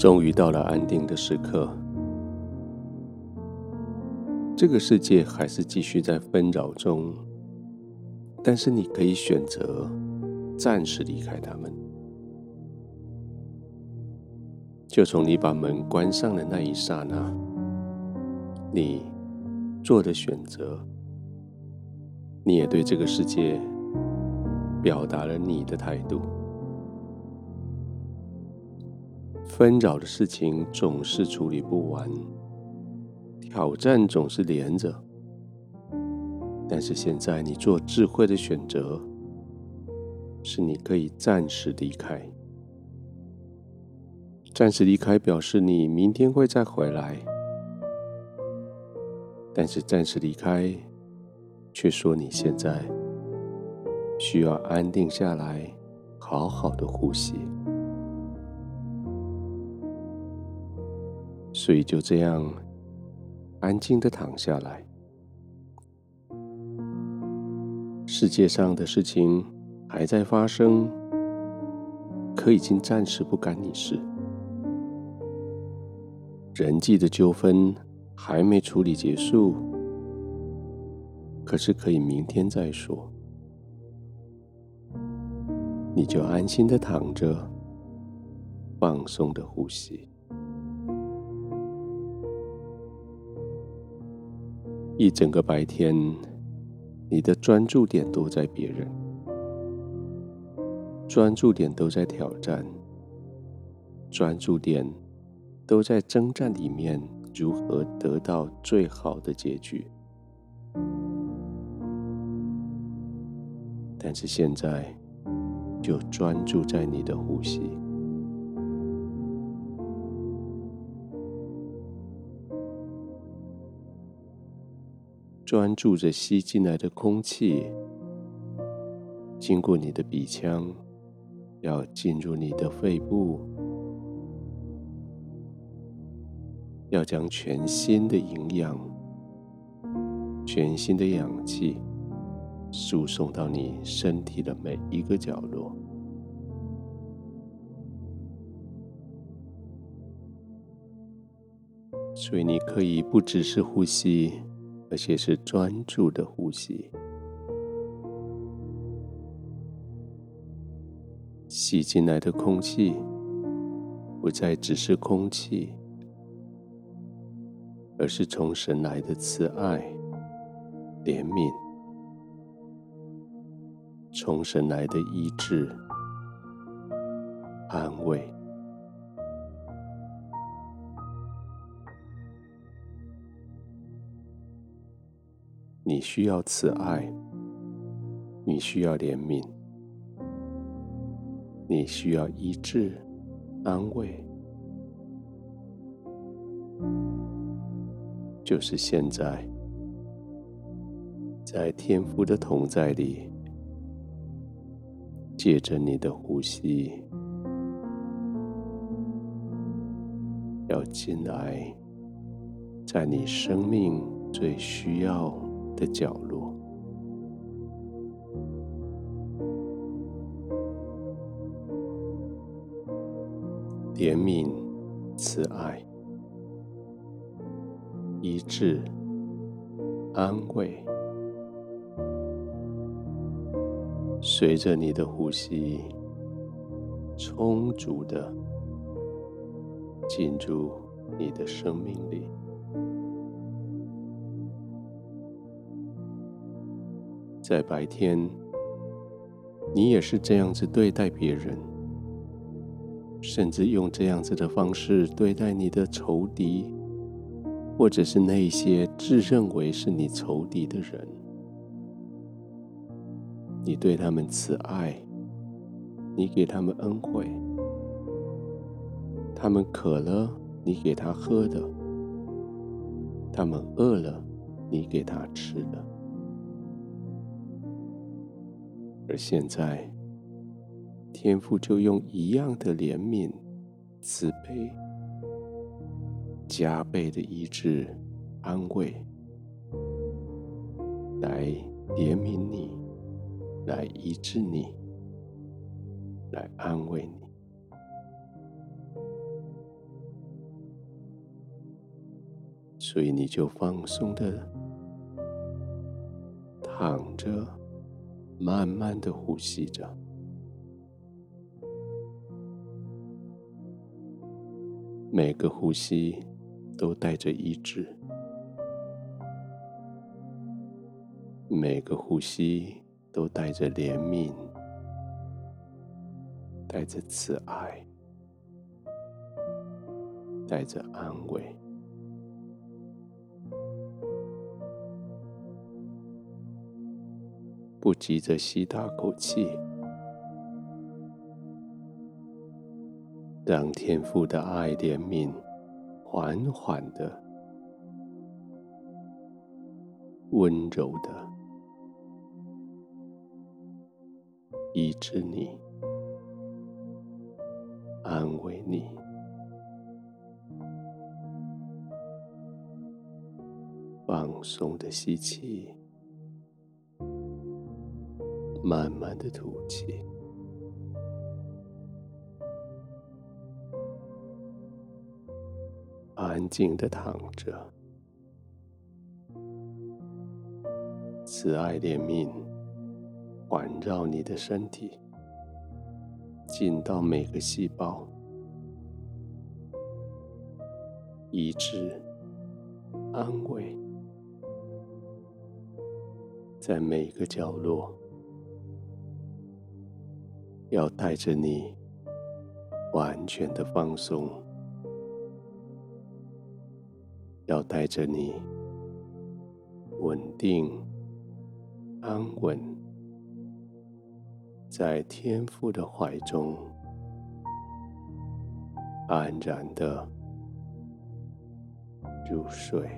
終於到了安定的時刻，這個世界還是繼續在紛擾中，但是你可以選擇暫時離開他們。就從你把門關上的那一剎那，你做的選擇，你也對這個世界表達了你的態度。紛擾的事情總是處理不完，挑戰總是連着。但是現在你做智慧的選擇，是你可以暫時離開。暫時離開表示你明天會再回來，但是暫時離開卻說你現在需要安定下來，好好的呼吸。所以就這樣，安靜的躺下來。世界上的事情還在發生，可已經暫時不干你事。人際的糾紛還沒處理結束，可是可以明天再說。你就安心的躺着，放鬆的呼吸。一整個白天，你的專注點都在別人，專注點都在挑戰，專注點都在征戰裡面，如何得到最好的結局？但是現在，就專注在你的呼吸。專注着吸進來的空氣，經過你的鼻腔，要進入你的肺部，要將全新的營養、全新的氧氣輸送到你身體的每一個角落。所以，你可以不只是呼吸。而且是專注的呼吸，吸進來的空氣不再只是空氣，而是從神來的慈愛、憐憫，從神來的醫治、安慰。你需要慈愛，你需要憐憫，你需要醫治、安慰，就是現在，在天父的同在裡，借着你的呼吸，要進來，在你生命最需要的角落，憐憫、慈愛、醫治、安慰，隨着你的呼吸，充足的進入你的生命裡。在白天，你也是這樣子對待別人，甚至用這樣子的方式對待你的仇敵，或者是那些自認為是你仇敵的人。你對他們慈愛，你給他們恩惠。他們渴了，你給他喝的；他們餓了，你給他吃的。而現在，天父就用一樣的憐憫、慈悲、加倍的醫治、安慰，來憐憫你，來醫治你，來安慰你。所以你就放鬆的躺着。慢慢的呼吸着，每個呼吸都帶着醫治，每個呼吸都帶着憐憫，帶着慈愛，帶着安慰。不急着吸大口氣，讓天父的愛憐憫緩緩的、溫柔的醫治你、安慰你，放鬆的吸氣。慢慢的吐氣，安靜的躺着，慈愛憐憫環繞你的身體，進到每個細胞，醫治、安慰，在每個角落。要帶着你完全的放鬆，要帶着你穩定安穩，在天父的懷中安然的入睡。